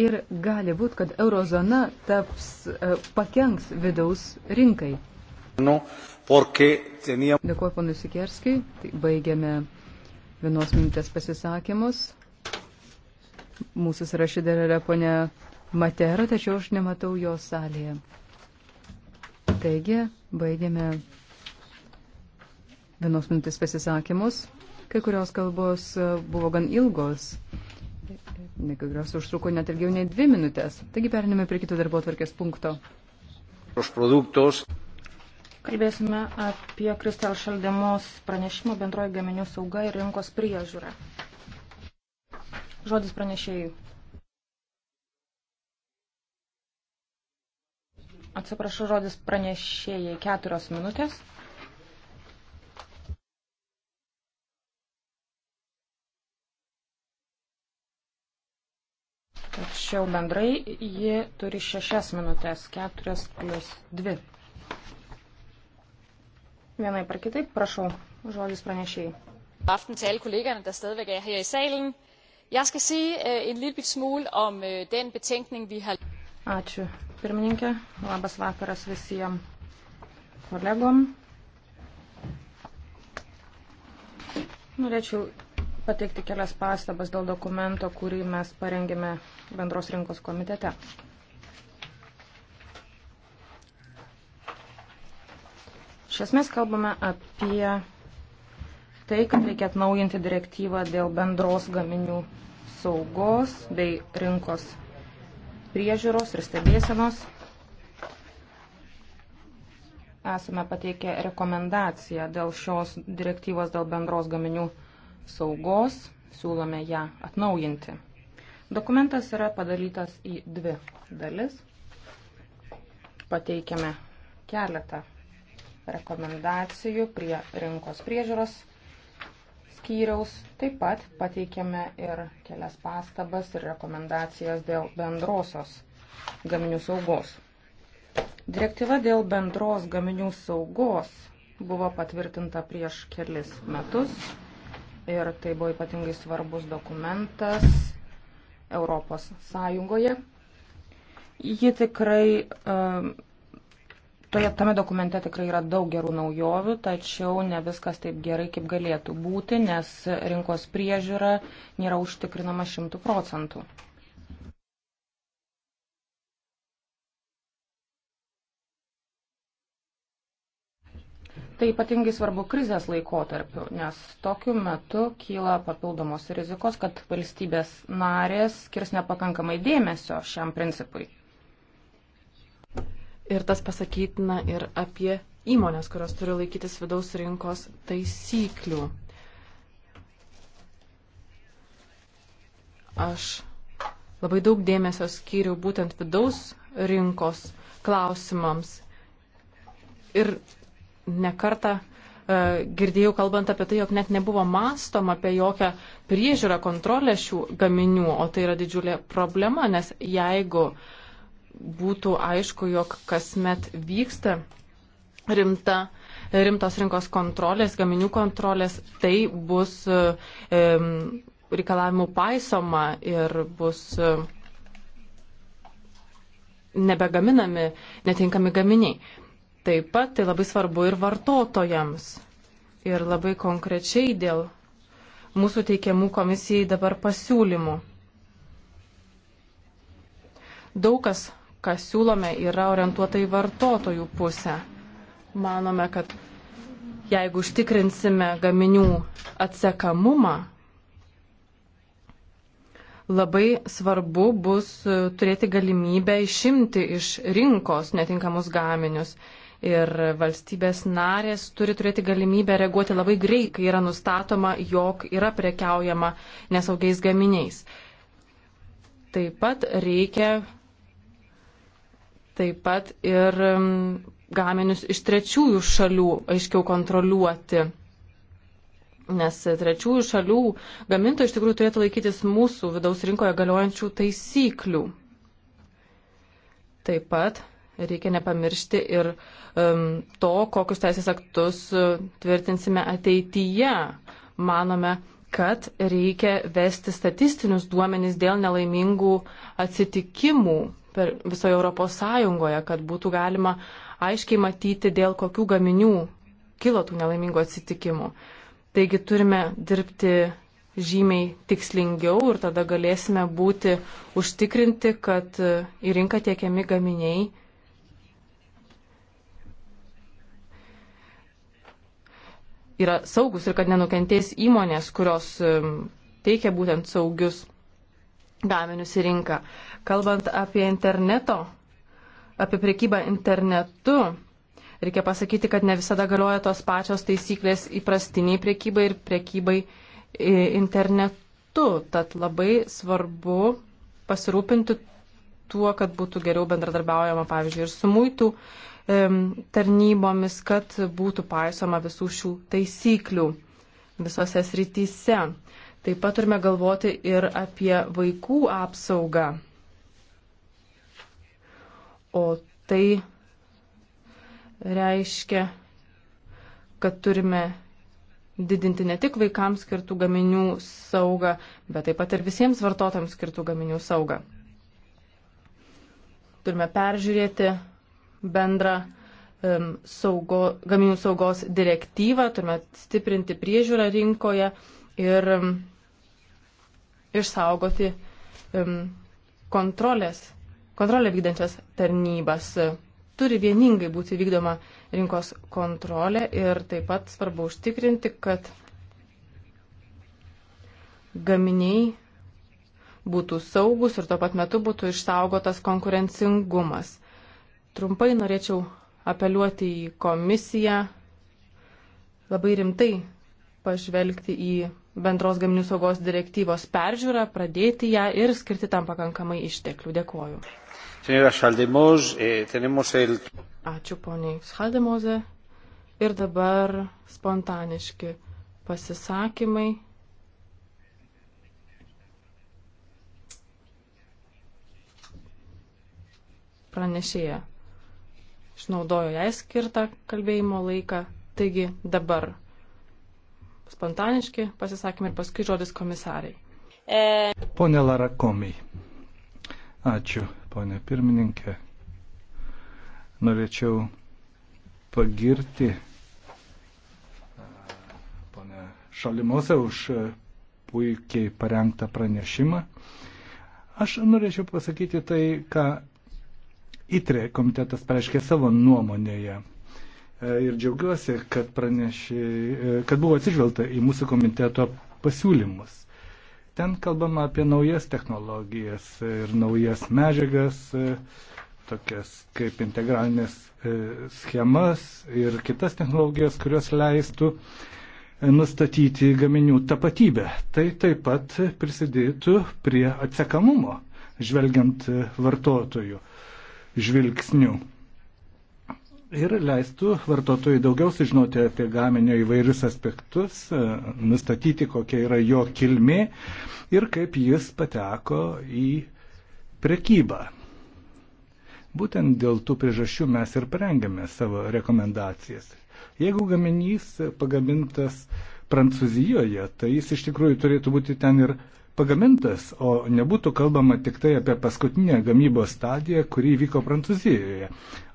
ir gali būti, kad eurozona taps, e, pakenks vidaus rinkai. No, nu, teniam... Dėkuoju ponui Sikerskijui, tai baigiame vienos minutės pasisakymus. Mūsų sąrašy dar yra ponia Matera, tačiau aš nematau jo salėje. Taigi, baigiame vienos minutės pasisakymus. Kai kurios kalbos e, buvo gan ilgos kurios užtruko net ilgiau nei dvi minutės. Taigi periname prie kito darbo tvarkės punkto. Kalbėsime apie Kristel Šaldemos pranešimą bendroji gaminių sauga ir rinkos priežiūra. Žodis pranešėjų. Atsiprašau, žodis pranešėjai keturios minutės. tačiau bendrai ji turi šešias minutės, keturias plus dvi. Vienai par kitaip, prašau, žodis pranešėjai. Aften til alle kollegerne, der stadigvæk er her i salen. Jeg skal sige uh, en lille bit smule om uh, den betænkning, vi har... Ačiū, pirmininkė. Labas vakaras visiems kolegom. Norėčiau pateikti kelias pastabas dėl dokumento, kurį mes parengėme bendros rinkos komitete. Iš esmės kalbame apie tai, kad reikia atnaujinti direktyvą dėl bendros gaminių saugos bei rinkos priežiūros ir stebėsenos. Esame pateikę rekomendaciją dėl šios direktyvos dėl bendros gaminių saugos saugos, siūlome ją atnaujinti. Dokumentas yra padalytas į dvi dalis. Pateikėme keletą rekomendacijų prie rinkos priežiūros skyriaus. Taip pat pateikėme ir kelias pastabas ir rekomendacijas dėl bendrosios gaminių saugos. Direktyva dėl bendros gaminių saugos buvo patvirtinta prieš kelis metus ir tai buvo ypatingai svarbus dokumentas Europos Sąjungoje. Ji tikrai, um, toje, tame dokumente tikrai yra daug gerų naujovių, tačiau ne viskas taip gerai, kaip galėtų būti, nes rinkos priežiūra nėra užtikrinama šimtų procentų. Tai ypatingai svarbu krizės laikotarpiu, nes tokiu metu kyla papildomos rizikos, kad valstybės narės skirs nepakankamai dėmesio šiam principui. Ir tas pasakytina ir apie įmonės, kurios turi laikytis vidaus rinkos taisyklių. Aš labai daug dėmesio skyriau būtent vidaus rinkos klausimams. Ir nekartą e, girdėjau kalbant apie tai, jog net nebuvo mąstoma apie jokią priežiūrą, kontrolę šių gaminių, o tai yra didžiulė problema, nes jeigu būtų aišku, jog kasmet vyksta rimta, rimtos rinkos kontrolės, gaminių kontrolės, tai bus e, reikalavimų paisoma ir bus e, nebegaminami netinkami gaminiai taip pat tai labai svarbu ir vartotojams. Ir labai konkrečiai dėl mūsų teikiamų komisijai dabar pasiūlymų. Daug kas, ką siūlome, yra orientuota į vartotojų pusę. Manome, kad jeigu užtikrinsime gaminių atsekamumą, labai svarbu bus turėti galimybę išimti iš rinkos netinkamus gaminius ir valstybės narės turi turėti galimybę reaguoti labai greit, kai yra nustatoma, jog yra prekiaujama nesaugiais gaminiais. Taip pat reikia taip pat ir um, gaminius iš trečiųjų šalių aiškiau kontroliuoti. Nes trečiųjų šalių gamintojai iš tikrųjų turėtų laikytis mūsų vidaus rinkoje galiojančių taisyklių. Taip pat reikia nepamiršti ir um, to, kokius teisės aktus e, tvirtinsime ateityje. Manome, kad reikia vesti statistinius duomenys dėl nelaimingų atsitikimų per visoje Europos Sąjungoje, kad būtų galima aiškiai matyti, dėl kokių gaminių kilo tų nelaimingų atsitikimų. Taigi turime dirbti žymiai tikslingiau ir tada galėsime būti užtikrinti, kad e, į rinką tiekiami gaminiai yra saugus ir kad nenukentės įmonės, kurios teikia būtent saugius gaminius į rinką. Kalbant apie interneto, apie prekybą internetu, reikia pasakyti, kad ne visada galioja tos pačios taisyklės įprastiniai prekybai ir prekybai e, internetu. Tad labai svarbu pasirūpinti tuo, kad būtų geriau bendradarbiaujama, pavyzdžiui, ir su muitų tarnybomis, kad būtų paisoma visų šių taisyklių visose srityse. Taip pat turime galvoti ir apie vaikų apsaugą. O tai reiškia, kad turime didinti ne tik vaikams skirtų gaminių saugą, bet taip pat ir visiems vartotojams skirtų gaminių saugą. Turime peržiūrėti bendrą saugo, gaminių saugos direktyvą, turime stiprinti priežiūrą rinkoje ir išsaugoti kontrolės, kontrolę vykdančias tarnybas. Turi vieningai būti vykdoma rinkos kontrolė ir taip pat svarbu užtikrinti, kad gaminiai būtų saugus ir tuo pat metu būtų išsaugotas konkurencingumas. Trumpai norėčiau apeliuoti į komisiją, labai rimtai pažvelgti į bendros gaminių saugos direktyvos peržiūrą, pradėti ją ir skirti tam pakankamai išteklių. Dėkuoju. Eh, Ačiū poniai Schaldemoze. Ir dabar spontaniški pasisakymai. Pranešėja išnaudojo jai skirtą kalbėjimo laiką. Taigi dabar spontaniški pasisakymai ir paskui žodis komisariai. E. Pone Larakomiai. Ačiū, ponė pirmininkė. Norėčiau pagirti e, ponę Šalimosę už e, puikiai parengtą pranešimą. Aš norėčiau pasakyti tai, ką ITRE komitetas pareiškė savo nuomonėje. E, ir džiaugiuosi, kad, pranešė, e, kad buvo atsižvelgta į mūsų komiteto pasiūlymus. Ten kalbama apie naujas technologijas ir naujas medžiagas, e, tokias kaip integralinės schemas ir kitas technologijas, kurios leistų nustatyti gaminių tapatybę. Tai taip pat prisidėtų prie atsekamumo, žvelgiant vartotojų žvilgsniu ir leistų vartotojui daugiau sužinoti apie gaminio įvairius aspektus, nustatyti, kokia yra jo kilmė ir kaip jis pateko į prekybą. Būtent dėl tų priežasčių mes ir parengėme savo rekomendacijas. Jeigu gaminys pagamintas Prancūzijoje, tai jis iš tikrųjų turėtų būti ten ir pagamintas, o nebūtų kalbama tik tai apie paskutinę gamybos stadiją, kuri vyko Prancūzijoje.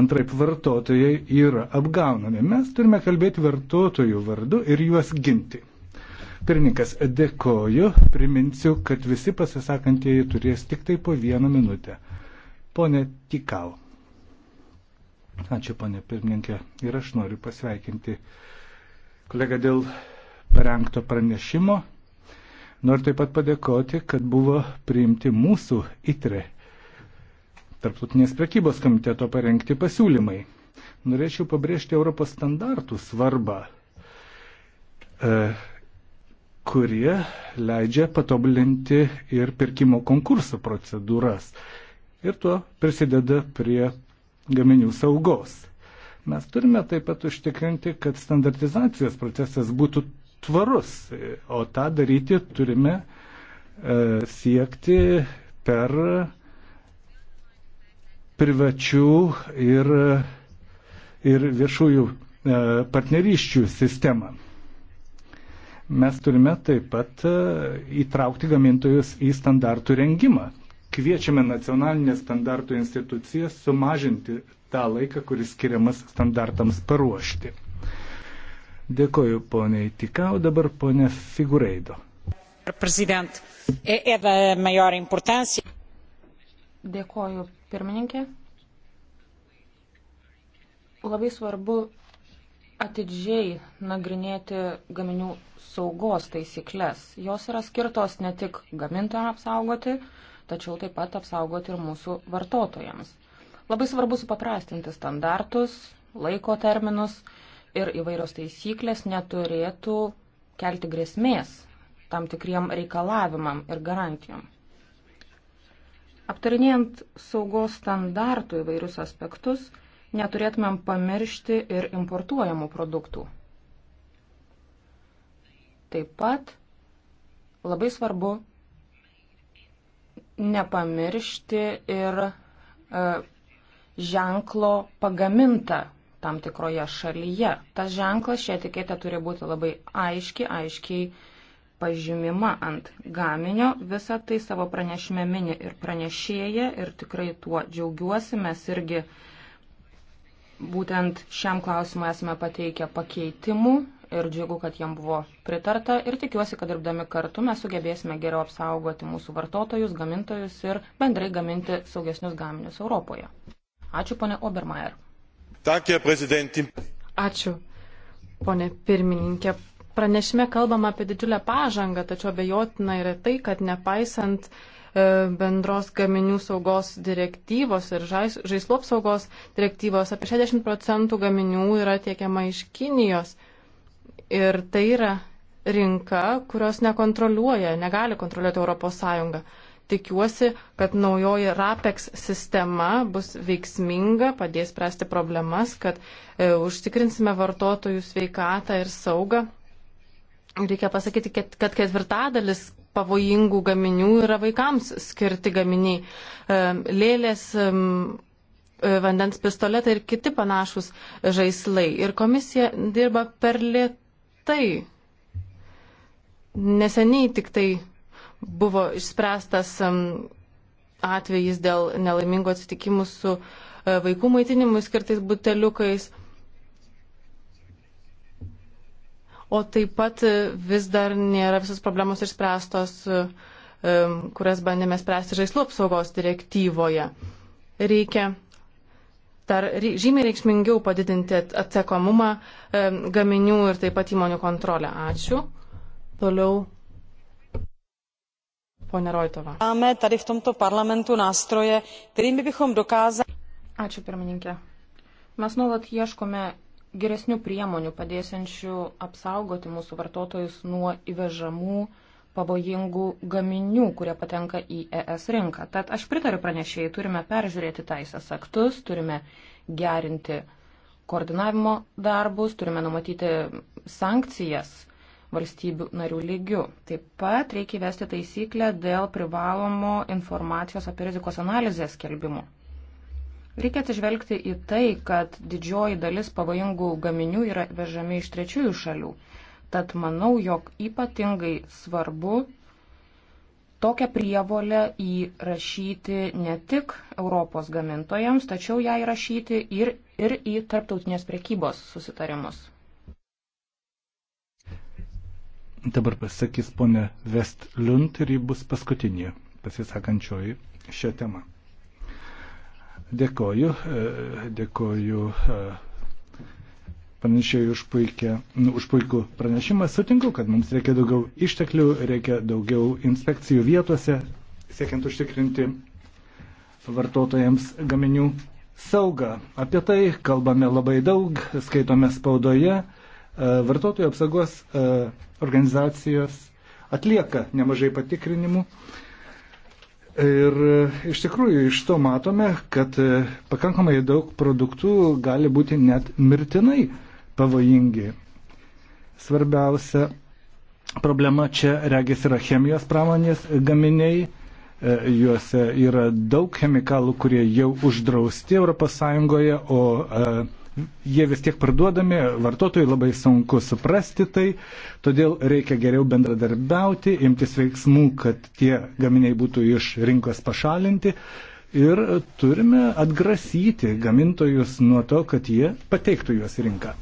Antraip vartotojai yra apgaunami. Mes turime kalbėti vartotojų vardu ir juos ginti. Pirmininkas, dėkoju, priminsiu, kad visi pasisakantieji turės tik tai po vieną minutę. Pone Tikau. Ačiū, ponė pirmininkė. Ir aš noriu pasveikinti kolegą dėl parengto pranešimo. Noriu taip pat padėkoti, kad buvo priimti mūsų ITRE, Tarptautinės prekybos komiteto parengti pasiūlymai. Norėčiau pabrėžti Europos standartų svarbą, e, kurie leidžia patobulinti ir pirkimo konkursų procedūras. Ir tuo prisideda prie gaminių saugos. Mes turime taip pat užtikrinti, kad standartizacijos procesas būtų tvarus, o tą daryti turime e, siekti per privačių ir, ir viešųjų e, partnerysčių sistemą. Mes turime taip pat e, įtraukti gamintojus į standartų rengimą. Kviečiame nacionalinės standartų institucijas sumažinti tą laiką, kuris skiriamas standartams paruošti. Dėkoju poniai Tikau, dabar ponia Figureido. E, e Dėkoju pirmininkė. Labai svarbu atidžiai nagrinėti gaminių saugos taisyklės. Jos yra skirtos ne tik gamintojams apsaugoti, tačiau taip pat apsaugoti ir mūsų vartotojams. Labai svarbu supaprastinti standartus, laiko terminus ir įvairios taisyklės neturėtų kelti grėsmės tam tikriem reikalavimam ir garantijom. Aptarinėjant saugos standartų įvairius aspektus, neturėtumėm pamiršti ir importuojamų produktų. Taip pat labai svarbu nepamiršti ir e, ženklo pagaminta tam tikroje šalyje. Tas ženklas, ši etiketė turi būti labai aiški, aiškiai pažymima ant gaminio. Visą tai savo pranešime mini ir pranešėja ir tikrai tuo džiaugiuosi. Mes irgi būtent šiam klausimui esame pateikę pakeitimų ir džiugu, kad jam buvo pritarta ir tikiuosi, kad dirbdami kartu mes sugebėsime geriau apsaugoti mūsų vartotojus, gamintojus ir bendrai gaminti saugesnius gaminius Europoje. Ačiū, ponė Obermeier. Ačiū, ponė pirmininkė. Pranešime kalbam apie didžiulę pažangą, tačiau abejotina yra tai, kad nepaisant e, bendros gaminių saugos direktyvos ir žais, žaislų apsaugos direktyvos, apie 60 procentų gaminių yra tiekiama iš Kinijos. Ir tai yra rinka, kurios nekontroliuoja, negali kontroliuoti ES tikiuosi, kad naujoji RAPEX sistema bus veiksminga, padės spręsti problemas, kad e, užtikrinsime vartotojų sveikatą ir saugą. Reikia pasakyti, kad ketvirtadalis pavojingų gaminių yra vaikams skirti gaminiai. E, lėlės. E, vandens pistoletai ir kiti panašus žaislai. Ir komisija dirba per lietai. Neseniai tik tai buvo išspręstas atvejis dėl nelaimingo atsitikimų su e, vaikų maitinimui skirtais buteliukais. O taip pat e, vis dar nėra visos problemos išspręstos, e, kurias bandėme spręsti žaislų apsaugos direktyvoje. Reikia dar žymiai reikšmingiau padidinti atsakomumą gaminių ir taip pat įmonių kontrolę. Ačiū. Toliau Pone Roitova. Máme tady v tomto parlamentu nástroje, kterými bychom dokázali. Ačiū pirmininkė. Mes nuolat ieškome geresnių priemonių, padėsiančių apsaugoti mūsų vartotojus nuo įvežamų pavojingų gaminių, kurie patenka į ES rinką. Tad aš pritariu pranešėjai, turime peržiūrėti teisės aktus, turime gerinti koordinavimo darbus, turime numatyti sankcijas valstybių narių lygių. Taip pat reikia įvesti taisyklę dėl privalomo informacijos apie rizikos analizės skelbimo. Reikia atsižvelgti į tai, kad didžioji dalis pavojingų gaminių yra vežami iš trečiųjų šalių. Tad manau, jog ypatingai svarbu tokią prievolę įrašyti ne tik Europos gamintojams, tačiau ją įrašyti ir, ir į tarptautinės prekybos susitarimus. Dabar pasakys ponė Vestlund ir ji bus paskutinė pasisakančioji šią temą. Dėkoju, e, dėkoju e, pranešėjai už, puikia, nu, už puikų pranešimą. Sutinku, kad mums reikia daugiau išteklių, reikia daugiau inspekcijų vietose, siekiant užtikrinti vartotojams gaminių saugą. Apie tai kalbame labai daug, skaitome spaudoje. E, vartotojų apsaugos e, organizacijos atlieka nemažai patikrinimų. Ir e, iš tikrųjų iš to matome, kad pakankamai daug produktų gali būti net mirtinai pavojingi. Svarbiausia problema čia regis yra chemijos pramonės gaminiai. Juose yra daug chemikalų, kurie jau uždrausti ES, o jie vis tiek parduodami, vartotojai labai sunku suprasti tai, todėl reikia geriau bendradarbiauti, imtis veiksmų, kad tie gaminiai būtų iš rinkos pašalinti ir turime atgrasyti gamintojus nuo to, kad jie pateiktų juos rinką.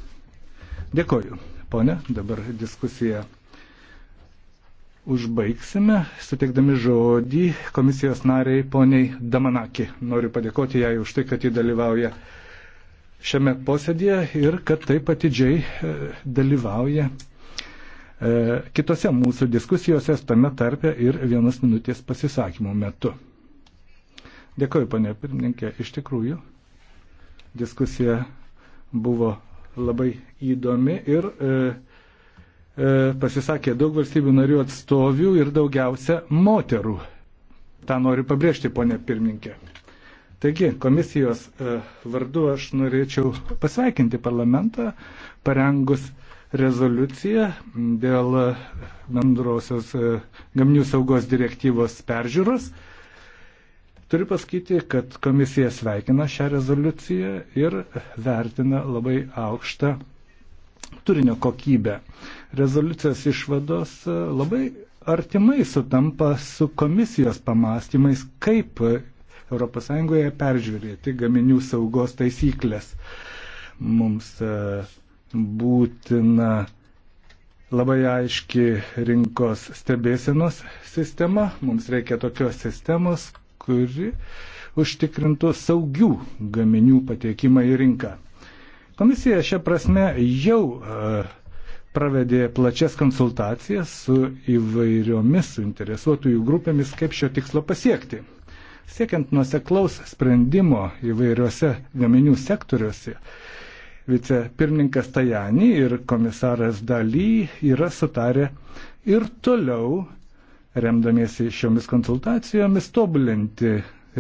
Dėkoju. Pone, dabar diskusiją užbaigsime, suteikdami žodį komisijos nariai poniai Damanaki. Noriu padėkoti jai už tai, kad ji dalyvauja šiame posėdėje ir kad taip atidžiai e, dalyvauja e, kitose mūsų diskusijose, tame tarpe ir vienas minutės pasisakymų metu. Dėkoju, panė pirmininkė, iš tikrųjų diskusija buvo labai įdomi ir e, e, pasisakė daug valstybių narių atstovių ir daugiausia moterų. Ta noriu pabrėžti, ponė pirmininkė. Taigi, komisijos e, vardu aš norėčiau pasveikinti parlamentą, parengus rezoliuciją dėl bendrosios e, gaminių saugos direktyvos peržiūros. Turiu pasakyti, kad komisija sveikina šią rezoliuciją ir vertina labai aukštą turinio kokybę. Rezoliucijos išvados e, labai artimai sutampa su komisijos pamastymais, kaip ES peržiūrėti gaminių saugos taisyklės. Mums e, būtina labai aiški rinkos stebėsenos sistema. Mums reikia tokios sistemos, kuri užtikrintų saugių gaminių patekimą į rinką. Komisija šią prasme jau e, pravedė plačias konsultacijas su įvairiomis suinteresuotųjų grupėmis, kaip šio tikslo pasiekti. Siekiant nuseklaus sprendimo įvairiuose gaminių sektoriuose, vicepirmininkas Tajani ir komisaras Daly yra sutarę ir toliau, remdamiesi šiomis konsultacijomis, tobulinti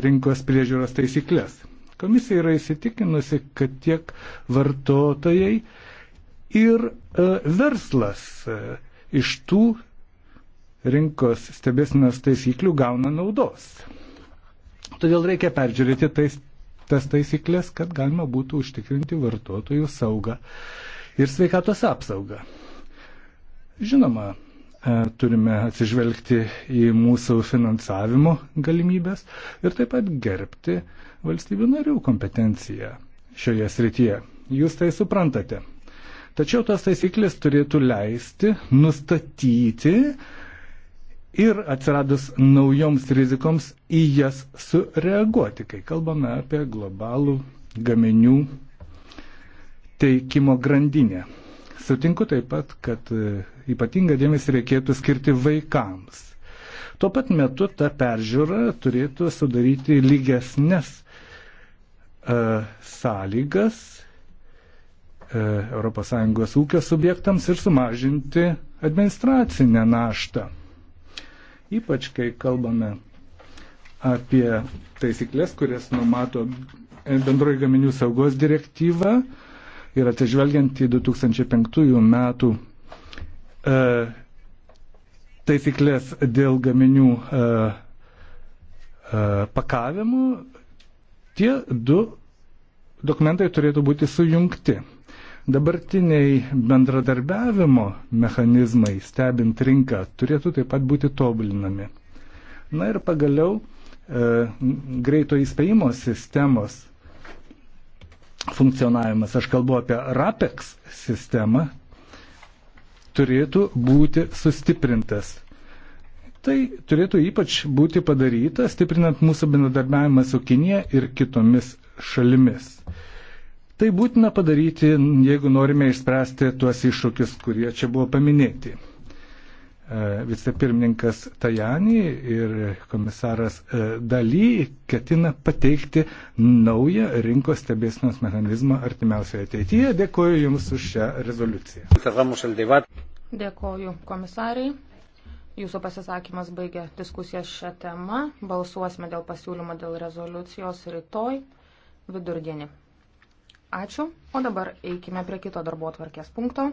rinkos priežiūros taisyklės. Komisija yra įsitikinusi, kad tiek vartotojai ir e, verslas e, iš tų rinkos stebėsinos taisyklių gauna naudos. Todėl reikia peržiūrėti tais, tas taisyklės, kad galima būtų užtikrinti vartotojų saugą ir sveikatos apsaugą. Žinoma, e, turime atsižvelgti į mūsų finansavimo galimybės ir taip pat gerbti valstybių narių kompetenciją šioje srityje. Jūs tai suprantate. Tačiau tos taisyklės turėtų leisti nustatyti, ir atsiradus naujoms rizikoms į jas sureaguoti, kai kalbame apie globalų gaminių teikimo grandinę. Sutinku taip pat, kad e, ypatingą dėmesį reikėtų skirti vaikams. Tuo pat metu ta peržiūra turėtų sudaryti lygesnes e, sąlygas e, ES ūkio subjektams ir sumažinti administracinę naštą ypač kai kalbame apie taisyklės, kurias numato bendroji gaminių saugos direktyva ir atsižvelgiant į 2005 metų e, taisyklės dėl gaminių e, e, pakavimų, tie du dokumentai turėtų būti sujungti. Dabartiniai bendradarbiavimo mechanizmai stebint rinką turėtų taip pat būti tobulinami. Na ir pagaliau e, greito įspėjimo sistemos funkcionavimas, aš kalbu apie RAPEX sistemą, turėtų būti sustiprintas. Tai turėtų ypač būti padaryta, stiprinant mūsų bendradarbiavimą su Kinija ir kitomis šalimis. Tai būtina padaryti, jeigu norime išspręsti tuos iššūkius, kurie čia buvo paminėti. E, vicepirmininkas Tajani ir komisaras e, Daly ketina pateikti naują rinkos stebėsinos mechanizmą artimiausioje ateityje. Dėkuoju Jums už šią rezoliuciją. Dėkuoju komisariai. Jūsų pasisakymas baigė diskusiją šią temą. Balsuosime dėl pasiūlymo dėl rezoliucijos rytoj vidurdienį. Ačiū. O dabar eikime prie kito darbo atvarkės punkto.